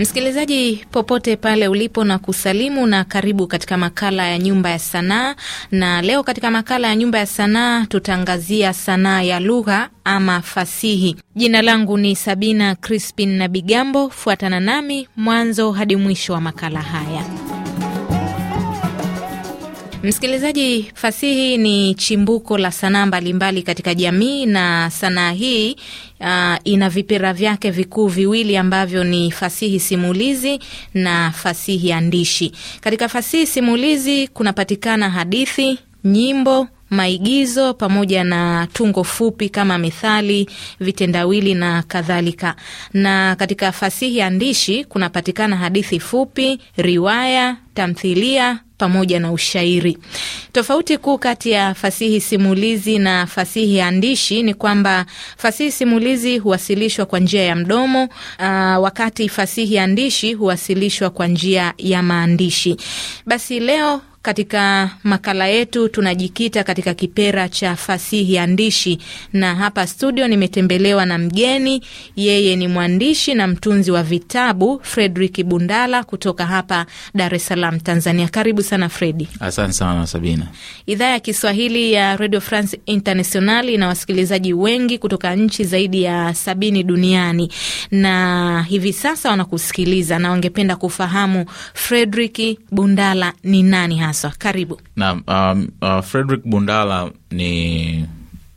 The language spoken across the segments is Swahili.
Msikilizaji popote pale ulipo, na kusalimu na karibu katika makala ya nyumba ya sanaa. Na leo katika makala ya nyumba ya sanaa tutaangazia sanaa ya lugha ama fasihi. Jina langu ni Sabina Crispin na Bigambo. Fuatana nami mwanzo hadi mwisho wa makala haya. Msikilizaji, fasihi ni chimbuko la sanaa mbalimbali katika jamii na sanaa hii uh, ina vipira vyake vikuu viwili ambavyo ni fasihi simulizi na fasihi andishi. Katika fasihi simulizi kunapatikana hadithi, nyimbo maigizo pamoja na tungo fupi kama methali, vitendawili na kadhalika. Na katika fasihi andishi kunapatikana hadithi fupi, riwaya, tamthilia pamoja na ushairi. Tofauti kuu kati ya fasihi simulizi na fasihi andishi ni kwamba fasihi simulizi huwasilishwa kwa njia ya mdomo, uh, wakati fasihi andishi huwasilishwa kwa njia ya maandishi. Basi leo katika makala yetu tunajikita katika kipera cha fasihi andishi, na hapa studio nimetembelewa na mgeni. Yeye ni mwandishi na mtunzi wa vitabu Fredrik Bundala kutoka hapa Dar es Salaam, Tanzania. Karibu sana Fredi. Asante sana Sabina. Idhaa ya Kiswahili ya Radio France International ina wasikilizaji wengi kutoka nchi zaidi ya sabini duniani na hivi sasa wanakusikiliza, na wangependa kufahamu Fredrik Bundala ni nani hapa haswa. Karibu. na, um, uh, Frederick Bundala ni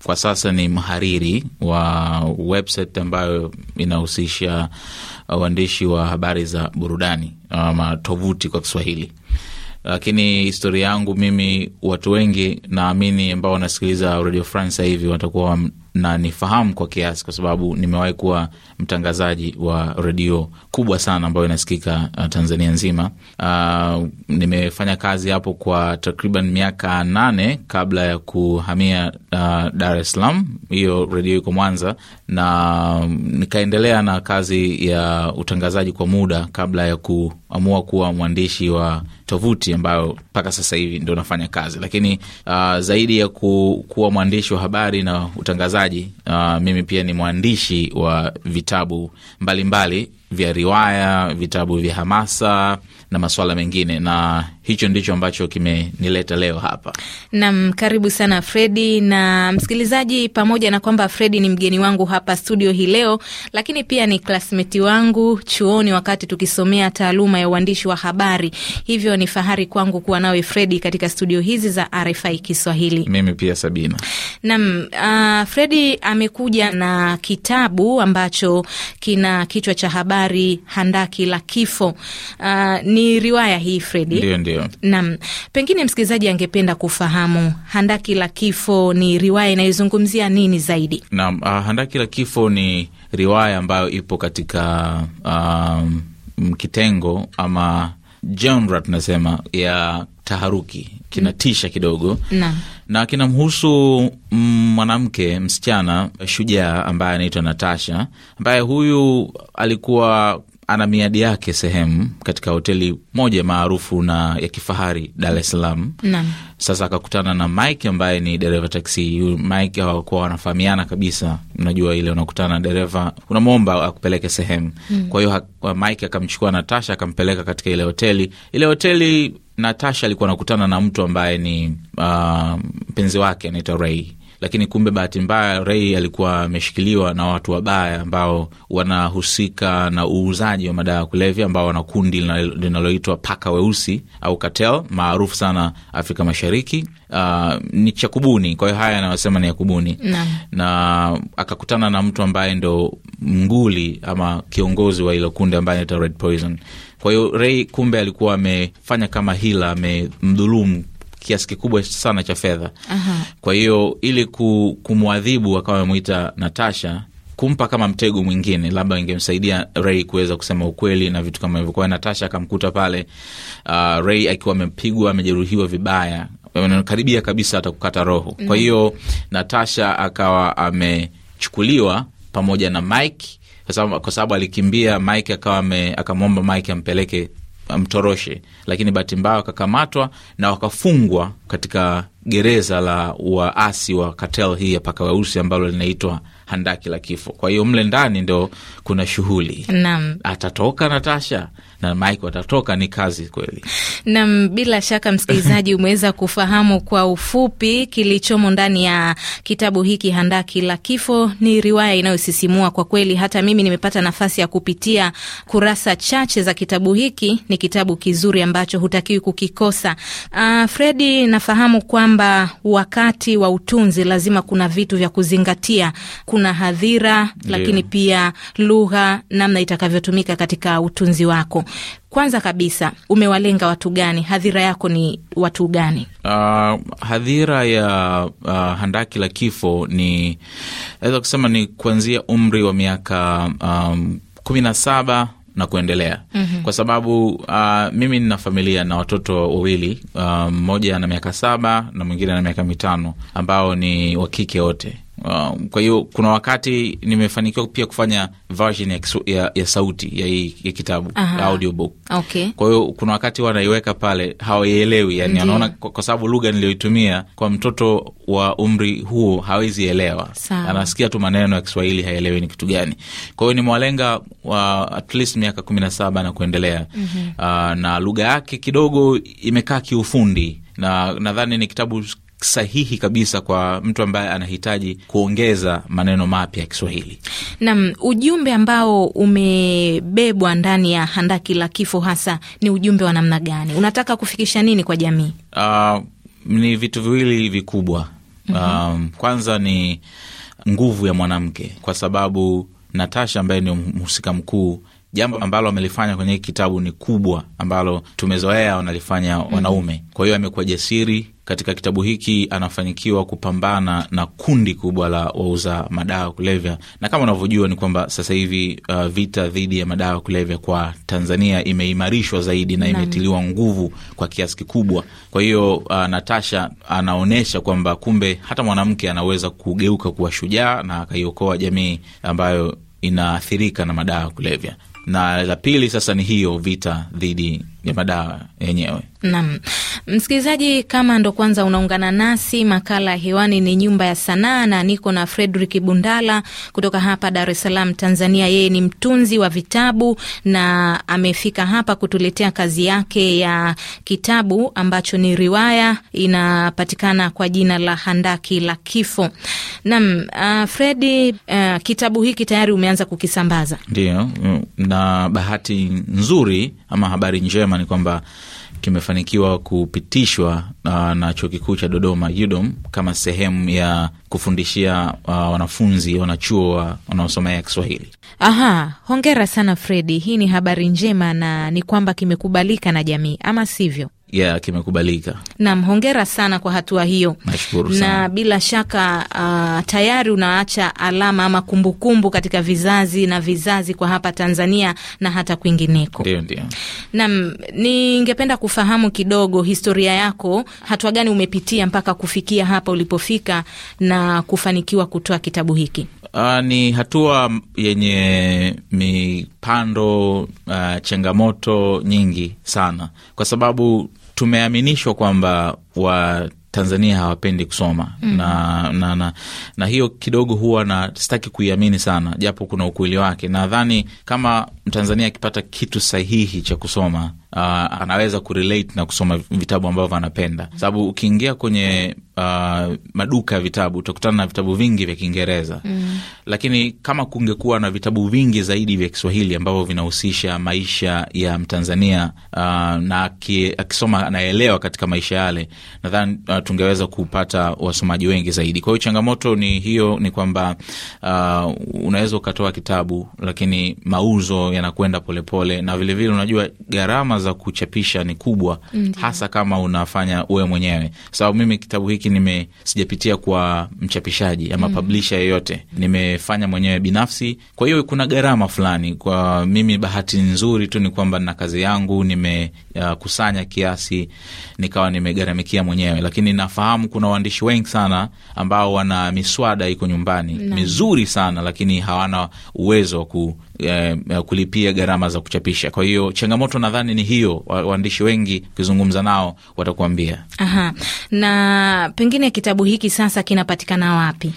kwa sasa ni mhariri wa website ambayo inahusisha uandishi uh, wa habari za burudani ama um, uh, tovuti kwa Kiswahili. Lakini historia yangu mimi, watu wengi naamini ambao wanasikiliza Radio France hivi watakuwa na nifahamu kwa kiasi, kwa sababu nimewahi kuwa mtangazaji wa redio kubwa sana ambayo inasikika uh, Tanzania nzima. Uh, nimefanya kazi hapo kwa takriban miaka nane kabla ya kuhamia uh, Dar es Salaam. Hiyo redio iko Mwanza, na um, nikaendelea na kazi ya utangazaji kwa muda kabla ya kuamua kuwa mwandishi wa tovuti ambayo mpaka sasa hivi ndo nafanya kazi, lakini uh, zaidi ya ku, kuwa mwandishi wa habari na utangazaji mtangazaji uh, mimi pia ni mwandishi wa vitabu mbalimbali mbali, vya riwaya, vitabu vya hamasa na maswala mengine, na hicho ndicho ambacho kimenileta leo hapa. Nam, karibu sana Fredi na msikilizaji. Pamoja na kwamba Fredi ni mgeni wangu hapa studio hii leo, lakini pia ni klasmeti wangu chuoni wakati tukisomea taaluma ya uandishi wa habari, hivyo ni fahari kwangu kuwa nawe Fredi katika studio hizi za RFI Kiswahili. Mimi pia Sabina. Nam, uh, Fredi amekuja na kitabu ambacho kina kichwa cha habari handaki la kifo. Uh, ni ni riwaya hii Fredi. Ndio, ndio. Naam, pengine msikilizaji angependa kufahamu Handaki la Kifo ni riwaya inayozungumzia nini zaidi? Naam, uh, Handaki la Kifo ni riwaya ambayo ipo katika um, kitengo ama genre tunasema ya taharuki, kinatisha kidogo na, na kinamhusu mwanamke msichana shujaa ambaye anaitwa Natasha, ambaye huyu alikuwa ana miadi yake sehemu katika hoteli moja maarufu na ya kifahari Dar es Salaam. Sasa akakutana na Mike ambaye ni dereva taksi. Mike hawakuwa wanafahamiana kabisa, unajua ile unakutana dereva unamwomba akupeleke sehemu mm. Kwa hiyo Mike akamchukua Natasha akampeleka katika ile hoteli. Ile hoteli Natasha alikuwa anakutana na mtu ambaye ni uh, mpenzi uh, wake anaitwa Ray lakini kumbe bahati mbaya rei alikuwa ameshikiliwa na watu wabaya ambao wanahusika na uuzaji wa madawa ya kulevya, ambao wana kundi linaloitwa paka weusi au katel maarufu sana Afrika Mashariki. Uh, ni cha kubuni. Kwa hiyo haya anayosema ni ya kubuni na, na akakutana na mtu ambaye ndo mnguli ama kiongozi wa ilo kundi ambaye anaita Red Poison. Kwa hiyo rei kumbe alikuwa amefanya kama hila, amemdhulumu kiasi kikubwa sana cha fedha. Kwa hiyo ili kumwadhibu, akawa amemwita Natasha kumpa kama mtego mwingine, labda ingemsaidia Ray kuweza kusema ukweli na vitu kama hivyo. Kwa hiyo Natasha akamkuta pale, uh, Ray akiwa amepigwa, amejeruhiwa vibaya, karibia kabisa hata kukata roho. Mm-hmm. Kwa hiyo Natasha akawa amechukuliwa pamoja na Mike kwa sababu alikimbia. Mike akawa akamwomba Mike ampeleke amtoroshe, lakini bahati mbaya wakakamatwa na wakafungwa katika gereza la waasi wa katel hii ya paka weusi ambalo linaitwa handaki la kifo. Kwa hiyo mle ndani ndo kuna shughuli, atatoka Natasha na Mike watatoka, ni kazi kweli. Nam, bila shaka msikilizaji, umeweza kufahamu kwa ufupi kilichomo ndani ya kitabu hiki Handaki la Kifo. Ni riwaya inayosisimua kwa kweli, hata mimi nimepata nafasi ya kupitia kurasa chache za kitabu hiki. Ni kitabu kizuri ambacho hutakiwi kukikosa. Uh, Fredi, nafahamu kwamba wakati wa utunzi lazima kuna vitu vya kuzingatia, kuna hadhira, lakini yeah, pia lugha, namna itakavyotumika katika utunzi wako kwanza kabisa umewalenga watu gani? Hadhira yako ni watu gani? Uh, hadhira ya uh, handaki la kifo ni naweza kusema ni kuanzia umri wa miaka um, kumi na saba na kuendelea mm -hmm. Kwa sababu uh, mimi nina familia na watoto wawili, mmoja uh, ana miaka saba na mwingine ana miaka mitano ambao ni wa kike wote. Um, kwa hiyo kuna wakati nimefanikiwa pia kufanya version ya, ya, ya sauti ya, ya kitabu ya audiobook. Okay. Kwa hiyo kuna wakati wanaiweka pale hawaielewi, yani anaona kwa, kwa sababu lugha niliyoitumia kwa mtoto wa umri huo hawezi elewa, anasikia tu maneno ya Kiswahili haelewi ni kitu gani. Kwa hiyo nimewalenga wa at least miaka kumi na saba na kuendelea. mm -hmm. Uh, na lugha yake kidogo imekaa kiufundi na nadhani ni kitabu sahihi kabisa kwa mtu ambaye anahitaji kuongeza maneno mapya ya Kiswahili. Naam, ujumbe ambao umebebwa ndani ya handaki la kifo hasa ni ujumbe wa namna gani? Unataka kufikisha nini kwa jamii? Uh, ni vitu viwili vikubwa. mm -hmm. Um, kwanza ni nguvu ya mwanamke, kwa sababu Natasha ambaye ni mhusika mkuu jambo ambalo wamelifanya kwenye kitabu ni kubwa, ambalo tumezoea wanalifanya mm-hmm. wanaume. Kwa hiyo amekuwa jasiri katika kitabu hiki anafanikiwa kupambana na kundi kubwa la wauza madawa ya kulevya, na kama unavyojua ni kwamba sasa hivi uh, vita dhidi ya madawa ya kulevya kwa Tanzania imeimarishwa zaidi na imetiliwa nguvu kwa kiasi kikubwa. Kwa hiyo uh, Natasha anaonyesha kwamba kumbe hata mwanamke anaweza kugeuka kuwa shujaa na akaiokoa jamii ambayo inaathirika na madawa ya kulevya na la pili sasa ni hiyo vita dhidi ya madawa yenyewe. Naam, msikilizaji, kama ndo kwanza unaungana nasi, makala ya hewani ni Nyumba ya Sanaa na niko na Fredrik Bundala kutoka hapa Dar es Salaam, Tanzania. Yeye ni mtunzi wa vitabu na amefika hapa kutuletea kazi yake ya kitabu ambacho ni riwaya, inapatikana kwa jina la Handaki la Kifo. Naam, uh, Fredi, uh, kitabu hiki tayari umeanza kukisambaza? Ndio, na bahati nzuri ama habari njema kusema ni kwamba kimefanikiwa kupitishwa uh, na chuo kikuu cha Dodoma UDOM kama sehemu ya kufundishia uh, wanafunzi wanachuo uh, wanaosomea Kiswahili. Aha, hongera sana Fredi, hii ni habari njema na ni kwamba kimekubalika na jamii ama sivyo? ya kimekubalika. Naam, hongera sana kwa hatua hiyo. Nashukuru sana. Na bila shaka uh, tayari unaacha alama ama kumbukumbu kumbu katika vizazi na vizazi kwa hapa Tanzania na hata kwingineko. Ndio, ndio. Naam, ningependa kufahamu kidogo historia yako, hatua gani umepitia mpaka kufikia hapa ulipofika na kufanikiwa kutoa kitabu hiki? Uh, ni hatua yenye mipando uh, changamoto nyingi sana kwa sababu tumeaminishwa kwamba Watanzania hawapendi kusoma mm. na, na, na, na hiyo kidogo huwa na sitaki kuiamini sana, japo kuna ukweli wake. Nadhani kama Mtanzania akipata kitu sahihi cha kusoma uh, anaweza kurelate na kusoma vitabu ambavyo anapenda, sababu ukiingia kwenye mm uh, maduka ya vitabu utakutana na vitabu vingi vya Kiingereza mm. Lakini kama kungekuwa na vitabu vingi zaidi vya Kiswahili ambavyo vinahusisha maisha ya Mtanzania uh, na akisoma anaelewa katika maisha yale, nadhani uh, tungeweza kupata wasomaji wengi zaidi. Kwa hiyo changamoto ni hiyo, ni kwamba uh, unaweza ukatoa kitabu lakini mauzo yanakwenda polepole, na vilevile vile unajua gharama za kuchapisha ni kubwa mm -hmm. hasa kama unafanya uwe mwenyewe sababu mimi kitabu hiki hiki nime sijapitia kwa mchapishaji ama mm. publisha yeyote, nimefanya mwenyewe binafsi. Kwa hiyo kuna gharama fulani. Kwa mimi bahati nzuri tu ni kwamba na kazi yangu nimekusanya uh, kiasi nikawa nimegharamikia mwenyewe, lakini nafahamu kuna waandishi wengi sana ambao wana miswada iko nyumbani no. mizuri sana, lakini hawana uwezo wa ku eh, kulipia gharama za kuchapisha. Kwa hiyo changamoto nadhani ni hiyo, waandishi wengi ukizungumza nao watakuambia. Aha. Na pengine kitabu hiki sasa kinapatikana wapi?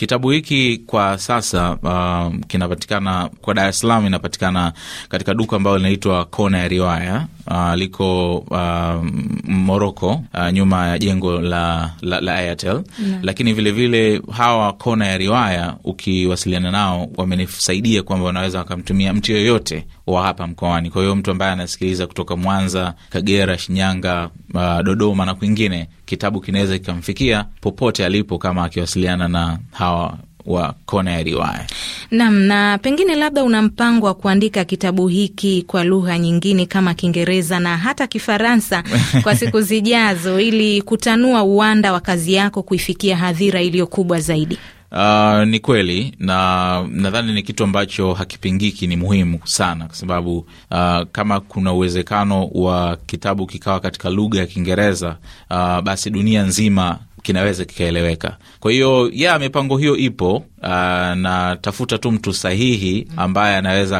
Kitabu hiki kwa sasa uh, kinapatikana kwa Dar es Salaam, inapatikana katika duka ambayo linaitwa Kona ya Riwaya. Uh, liko uh, um, Moroko, uh, nyuma ya jengo la, la, la Airtel yeah. Lakini vilevile vile, hawa Kona ya Riwaya ukiwasiliana nao wamenisaidia kwamba wanaweza wakamtumia mtu yoyote wa hapa mkoani. Kwa hiyo mtu ambaye anasikiliza kutoka Mwanza, Kagera, Shinyanga, uh, Dodoma na kwingine, kitabu kinaweza kikamfikia popote alipo kama akiwasiliana na hawa wa kona ya riwaya. na pengine labda una mpango wa kuandika kitabu hiki kwa lugha nyingine kama Kiingereza na hata Kifaransa kwa siku zijazo, ili kutanua uwanda wa kazi yako kuifikia hadhira iliyo kubwa zaidi. Uh, ni kweli na nadhani ni kitu ambacho hakipingiki, ni muhimu sana kwa sababu uh, kama kuna uwezekano wa kitabu kikawa katika lugha ya Kiingereza uh, basi dunia nzima kinaweza kikaeleweka. Kwa hiyo ya mipango hiyo ipo Uh, ah, na tafuta tu mtu sahihi ambaye anaweza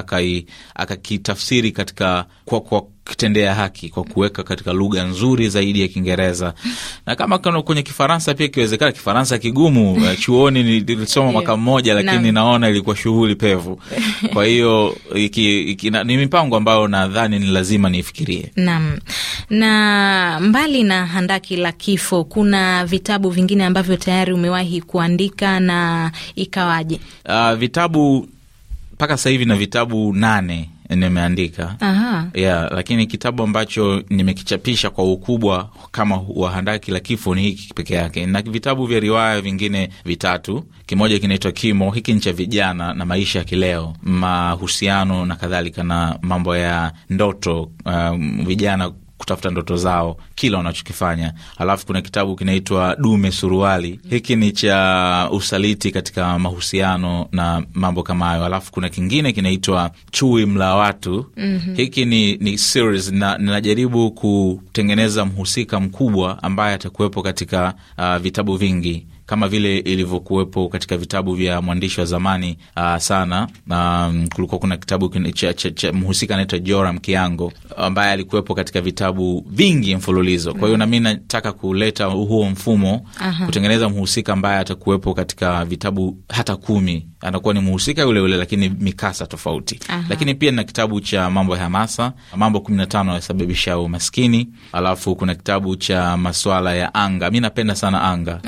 akakitafsiri katika kwa, kwa kitendea haki kwa kuweka katika lugha nzuri zaidi ya Kiingereza na kama kano kwenye Kifaransa pia ikiwezekana. Kifaransa kigumu, eh, chuoni nilisoma mwaka mmoja, lakini na, naona ilikuwa shughuli pevu. Kwa hiyo ni mipango ambayo nadhani ni lazima niifikirie. Naam, na mbali na handaki la kifo, kuna vitabu vingine ambavyo tayari umewahi kuandika na ikawaje? Uh, ah, vitabu mpaka sasa hivi na vitabu nane nimeandika yeah, lakini kitabu ambacho nimekichapisha kwa ukubwa kama wa la kifo ni hiki peke yake, na vitabu vya riwaya vingine vitatu. Kimoja kinaitwa Kimo, hiki ni cha vijana na maisha ya kileo, mahusiano na kadhalika, na mambo ya ndoto um, vijana kutafuta ndoto zao kila wanachokifanya. Alafu kuna kitabu kinaitwa Dume Suruali, hiki ni cha usaliti katika mahusiano na mambo kama hayo. Alafu kuna kingine kinaitwa Chui Mla Watu. mm -hmm. Hiki ni, ni series na ninajaribu kutengeneza mhusika mkubwa ambaye atakuwepo katika uh, vitabu vingi kama vile ilivyokuwepo katika vitabu vya mwandishi wa zamani uh, sana. Um, kulikuwa kuna kitabu mhusika anaitwa Joram Kiango ambaye alikuwepo katika vitabu vingi mfululizo. Kwa hiyo nami nataka kuleta huo mfumo, kutengeneza mhusika ambaye atakuwepo katika vitabu hata kumi anakuwa ni muhusika yule yule, lakini mikasa tofauti. Aha. Lakini pia na kitabu cha mambo ya hamasa, mambo kumi na tano yasababisha umaskini. Alafu kuna kitabu cha maswala ya anga, mi napenda sana anga.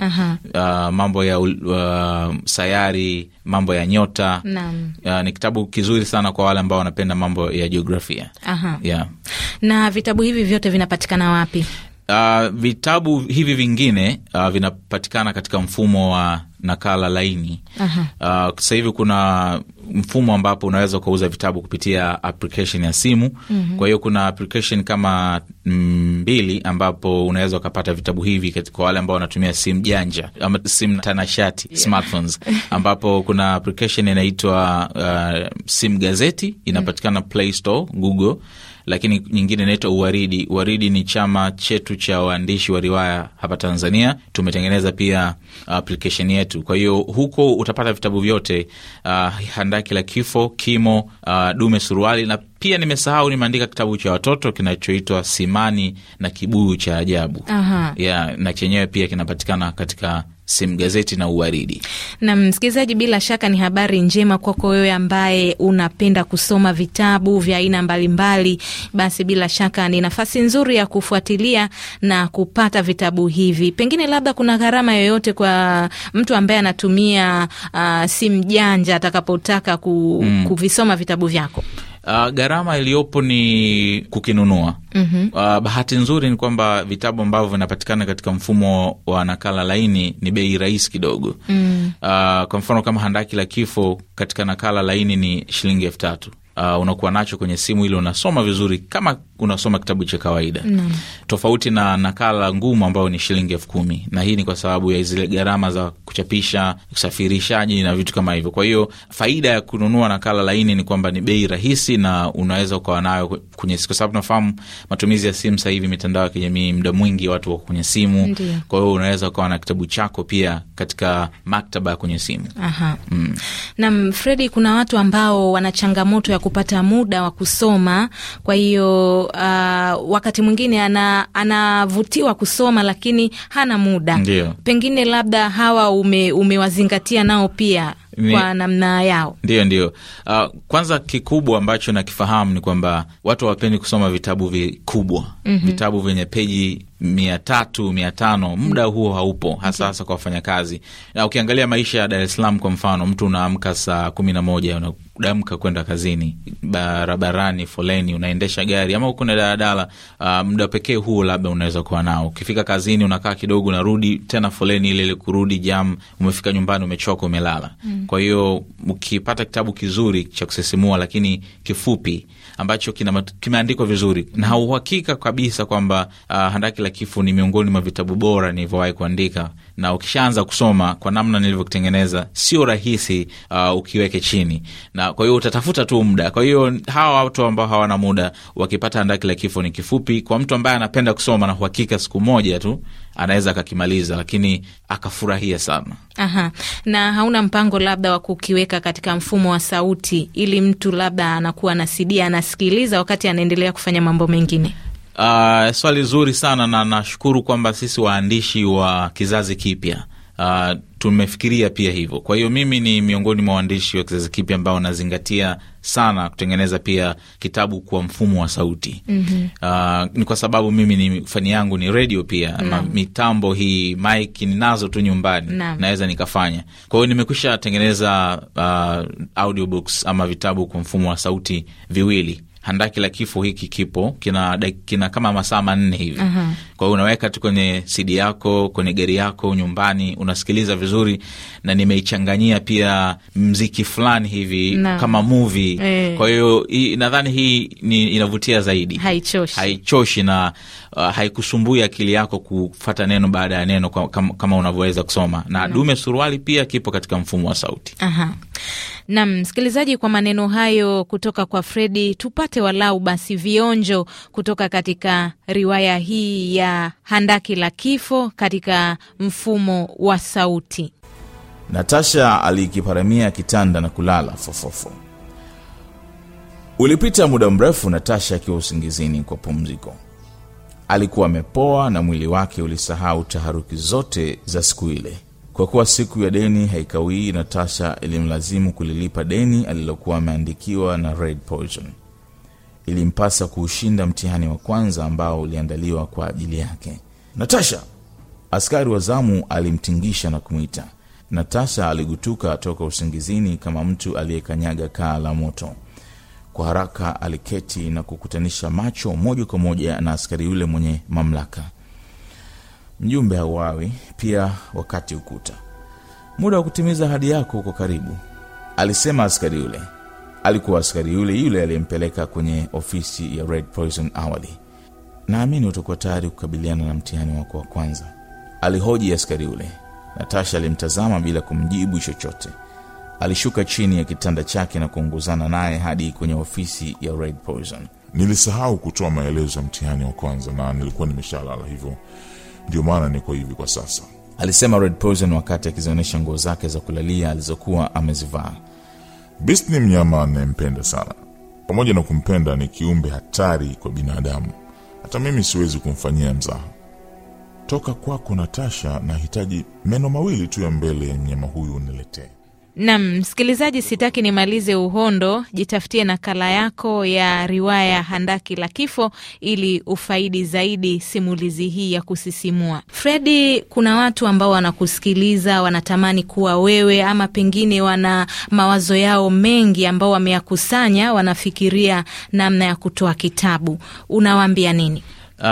Uh, mambo ya uh, sayari, mambo ya nyota. Uh, ni kitabu kizuri sana kwa wale ambao wanapenda mambo ya jiografia. Yeah. Na vitabu hivi vyote vinapatikana wapi? Uh, vitabu hivi vingine uh, vinapatikana katika mfumo wa nakala laini. Uh, hivi kuna mfumo ambapo unaweza ukauza vitabu kupitia application ya simu. mm -hmm. Kwa hiyo kuna application kama mbili ambapo unaweza ukapata vitabu hivi kwa wale ambao wanatumia simu janja ama simu tanashati, yeah. smartphones ambapo kuna application inaitwa uh, simu gazeti inapatikana Play Store, Google lakini nyingine inaitwa Uwaridi. Uwaridi ni chama chetu cha waandishi wa riwaya hapa Tanzania. Tumetengeneza pia application yetu, kwa hiyo huko utapata vitabu vyote, uh, Handaki la Kifo, Kimo, uh, Dume Suruali na pia nimesahau, nimeandika kitabu cha watoto kinachoitwa Simani na Kibuyu cha Ajabu. Aha. Yeah, na chenyewe pia kinapatikana katika simgazeti na uwaridi. Na msikilizaji, bila shaka ni habari njema kwako wewe ambaye unapenda kusoma vitabu vya aina mbalimbali, basi bila shaka ni nafasi nzuri ya kufuatilia na kupata vitabu hivi. Pengine labda kuna gharama yoyote kwa mtu ambaye anatumia uh, simu janja atakapotaka ku, mm, kuvisoma vitabu vyako? Uh, gharama iliyopo ni kukinunua. mm -hmm. Uh, bahati nzuri ni kwamba vitabu ambavyo vinapatikana katika mfumo wa nakala laini ni bei rahisi kidogo. mm. Uh, kwa mfano kama Handaki la Kifo katika nakala laini ni shilingi elfu tatu. Uh, unakuwa nacho kwenye simu ili unasoma vizuri kama unasoma kitabu cha kawaida no. tofauti na nakala ngumu ambayo ni shilingi elfu kumi na hii ni kwa sababu ya zile gharama za kuchapisha, usafirishaji na vitu kama hivyo. Kwa hiyo faida ya kununua nakala laini ni kwamba ni bei rahisi na unaweza ukawa nayo kwenye, kwa sababu nafahamu matumizi ya simu sahivi, mitandao ya kijamii, mda mwingi watu wako kwenye simu Ndiyo. kwa hiyo unaweza ukawa na kitabu chako pia katika maktaba ya kwenye simu mm. Nam Fredi, kuna watu ambao wana changamoto ya kupata muda wa kusoma, kwa hiyo uh, wakati mwingine anavutiwa ana kusoma lakini hana muda. Ndiyo. Pengine labda hawa ume, umewazingatia nao pia ni, kwa namna yao. Ndio, ndio. Uh, kwanza kikubwa ambacho nakifahamu ni kwamba watu hawapendi kusoma vitabu vikubwa, mm -hmm. vitabu vyenye peji mia tatu mia tano muda huo haupo, hasa hasa kwa wafanyakazi. Na ukiangalia maisha ya Dar es Salaam kwa mfano, mtu unaamka saa kumi na moja kudamka kwenda kazini, barabarani, foleni, unaendesha gari ama uko na uh, mda pekee huo labda unaweza kuwa nao. Ukifika kazini unakaa kidogo, unarudi tena foleni ile ile kurudi jam, umefika nyumbani umechoka, umelala. Mm. Kwa hiyo ukipata kitabu kizuri cha kusisimua, lakini kifupi ambacho kimeandikwa vizuri na uhakika kabisa kwamba uh, Handaki la kifu ni miongoni mwa vitabu bora nilivyowahi kuandika na ukishaanza kusoma kwa namna nilivyokutengeneza, sio rahisi uh, ukiweke chini, na kwa hiyo utatafuta tu muda. Kwa hiyo hawa watu ambao hawana muda wakipata andaki la kifo ni kifupi. Kwa mtu ambaye anapenda kusoma, na uhakika siku moja tu anaweza akakimaliza, lakini akafurahia sana. Aha. Na hauna mpango labda wa kukiweka katika mfumo wa sauti, ili mtu labda anakuwa na anasikiliza wakati anaendelea kufanya mambo mengine? Uh, swali zuri sana na nashukuru kwamba sisi waandishi wa kizazi kipya uh, tumefikiria pia hivyo. Kwa hiyo mimi ni miongoni mwa waandishi wa kizazi kipya ambao nazingatia sana kutengeneza pia kitabu kwa mfumo wa sauti mm -hmm. Uh, ni kwa sababu mimi ni fani yangu ni redio pia ama mitambo hii mike ninazo tu nyumbani -hmm. naweza nikafanya. Kwa hiyo nimekwisha tengeneza uh, audiobooks ama vitabu kwa mfumo wa sauti viwili handaki la kifo hiki kipo kina, kina kama masaa manne hivi uh -huh. Kwa hiyo unaweka tu kwenye CD yako, kwenye gari yako, nyumbani unasikiliza vizuri, na nimeichanganyia pia mziki fulani hivi na, kama mvi e. Eh. Kwa hiyo nadhani hii ni inavutia zaidi, haichoshi, haichoshi na uh, haikusumbui akili yako kufata neno baada ya neno kama, kama unavyoweza kusoma na no. Dume Suruali pia kipo katika mfumo wa sauti. Aha. Nam msikilizaji, kwa maneno hayo kutoka kwa Fredi, tupate walau basi vionjo kutoka katika riwaya hii ya handaki la kifo katika mfumo wa sauti. Natasha alikiparamia kitanda na kulala fofofo. Ulipita muda mrefu, Natasha akiwa usingizini kwa pumziko. Alikuwa amepoa na mwili wake ulisahau taharuki zote za siku ile. Kwa kuwa siku ya deni haikawii, Natasha ilimlazimu kulilipa deni alilokuwa ameandikiwa na Red Poison ilimpasa kuushinda mtihani wa kwanza ambao uliandaliwa kwa ajili yake natasha askari wa zamu alimtingisha na kumwita natasha aligutuka toka usingizini kama mtu aliyekanyaga kaa la moto kwa haraka aliketi na kukutanisha macho moja kwa moja na askari yule mwenye mamlaka mjumbe hauawi pia wakati ukuta muda wa kutimiza hadi yako uko karibu alisema askari yule alikuwa askari yule yule aliyempeleka kwenye ofisi ya Red Poison awali. Naamini utakuwa tayari kukabiliana na mtihani wako wa kwanza, alihoji askari yule. Natasha alimtazama bila kumjibu chochote. Alishuka chini ya kitanda chake na kuunguzana naye hadi kwenye ofisi ya Red Poison. Nilisahau kutoa maelezo ya mtihani wa kwanza na nilikuwa nimeshalala, hivyo ndio maana niko hivi kwa sasa, alisema Red Poison wakati akizionyesha nguo zake za kulalia alizokuwa amezivaa. Beast ni mnyama anayempenda sana. Pamoja na kumpenda, ni kiumbe hatari kwa binadamu. Hata mimi siwezi kumfanyia mzaha. Toka kwako Natasha, nahitaji meno mawili tu ya mbele ya mnyama huyu uniletee. Nam msikilizaji, sitaki nimalize uhondo. Jitafutie nakala yako ya riwaya Handaki la Kifo ili ufaidi zaidi simulizi hii ya kusisimua. Fredi, kuna watu ambao wanakusikiliza wanatamani kuwa wewe, ama pengine wana mawazo yao mengi ambao wameyakusanya, wanafikiria namna ya kutoa kitabu. Unawaambia nini? Uh,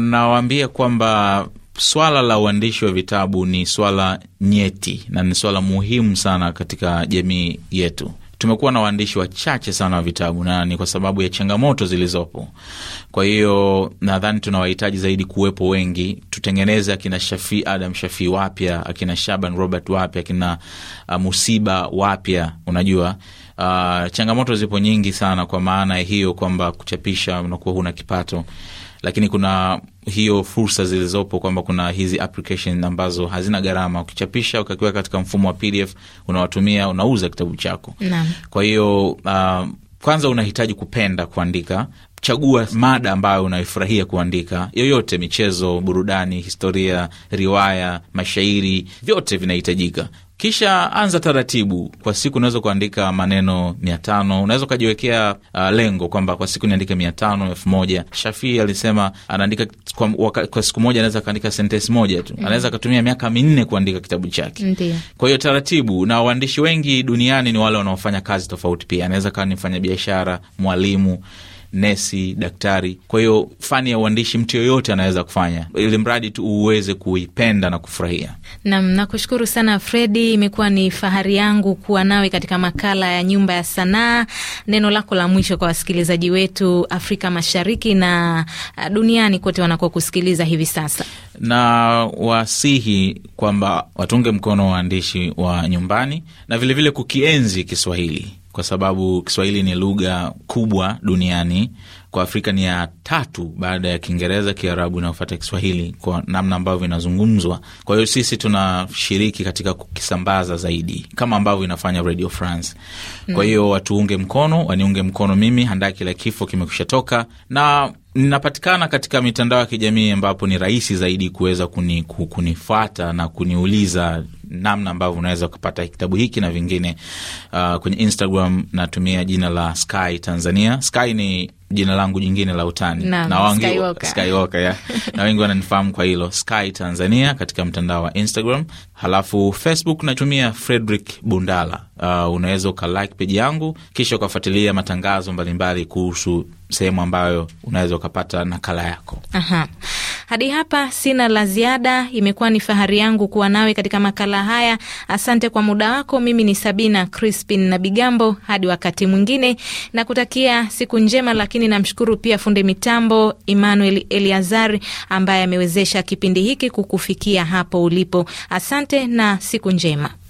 nawaambia kwamba swala la uandishi wa vitabu ni swala nyeti na ni swala muhimu sana katika jamii yetu. Tumekuwa na waandishi wachache sana wa vitabu na ni kwa sababu ya changamoto zilizopo. Kwa hiyo nadhani tunawahitaji zaidi kuwepo wengi, tutengeneze akina Shafi Adam Shafii wapya, akina Shaban Robert wapya, akina uh, Musiba wapya. Unajua uh, changamoto zipo nyingi sana, kwa maana hiyo kwamba kuchapisha unakuwa huna kipato, lakini kuna hiyo fursa zilizopo kwamba kuna hizi application ambazo hazina gharama, ukichapisha ukakiwa katika mfumo wa PDF, unawatumia, unauza kitabu chako. Kwa hiyo uh, kwanza unahitaji kupenda kuandika chagua mada ambayo unaifurahia kuandika, yoyote: michezo, burudani, historia, riwaya, mashairi, vyote vinahitajika. Kisha anza taratibu. Kwa siku unaweza kuandika maneno mia tano. Unaweza ukajiwekea uh, lengo kwamba kwa siku niandike mia tano, elfu moja. Shafii alisema anaandika kwa, waka, kwa siku moja anaweza akaandika sentensi moja tu, mm. anaweza akatumia miaka minne kuandika kitabu chake. Kwa hiyo taratibu, na waandishi wengi duniani ni wale wanaofanya kazi tofauti pia. Anaweza kawa ni mfanyabiashara, mwalimu nesi, daktari. Kwa hiyo fani ya uandishi mtu yoyote anaweza kufanya, ili mradi tu uweze kuipenda na kufurahia. Nam, nakushukuru sana Fredi, imekuwa ni fahari yangu kuwa nawe katika makala ya Nyumba ya Sanaa. Neno lako la mwisho kwa wasikilizaji wetu Afrika Mashariki na uh, duniani kote wanakokusikiliza hivi sasa? Na wasihi kwamba watunge mkono waandishi wa nyumbani na vilevile vile kukienzi Kiswahili kwa sababu Kiswahili ni lugha kubwa duniani. Kwa Afrika ni ya tatu baada ya Kiingereza, Kiarabu inayofuata Kiswahili kwa namna ambavyo inazungumzwa. Kwa hiyo sisi tunashiriki katika kukisambaza zaidi, kama ambavyo inafanya Radio France. Kwa mm. hiyo watuunge mkono, waniunge mkono mimi. Handaki la Kifo kimekusha toka na ninapatikana katika mitandao ya kijamii ambapo ni rahisi zaidi kuweza kuni, kunifuata na kuniuliza namna ambavyo unaweza ukapata kitabu hiki na vingine. Uh, kwenye Instagram natumia jina la Sky Tanzania. Sky ni jina langu jingine la utani na, na wengi Skywalker, yeah. na wengi wananifahamu kwa hilo Sky Tanzania katika mtandao wa Instagram. Halafu Facebook natumia Frederick Bundala. Uh, unaweza ukalike peji yangu kisha ukafuatilia matangazo mbalimbali kuhusu sehemu ambayo unaweza ukapata nakala yako. Aha. Hadi hapa sina la ziada. Imekuwa ni fahari yangu kuwa nawe katika makala haya. Asante kwa muda wako. Mimi ni Sabina Crispin na Bigambo. Hadi wakati mwingine, na kutakia siku njema, lakini namshukuru pia fundi mitambo Emmanuel eliazar ambaye amewezesha kipindi hiki kukufikia hapo ulipo. Asante na siku njema.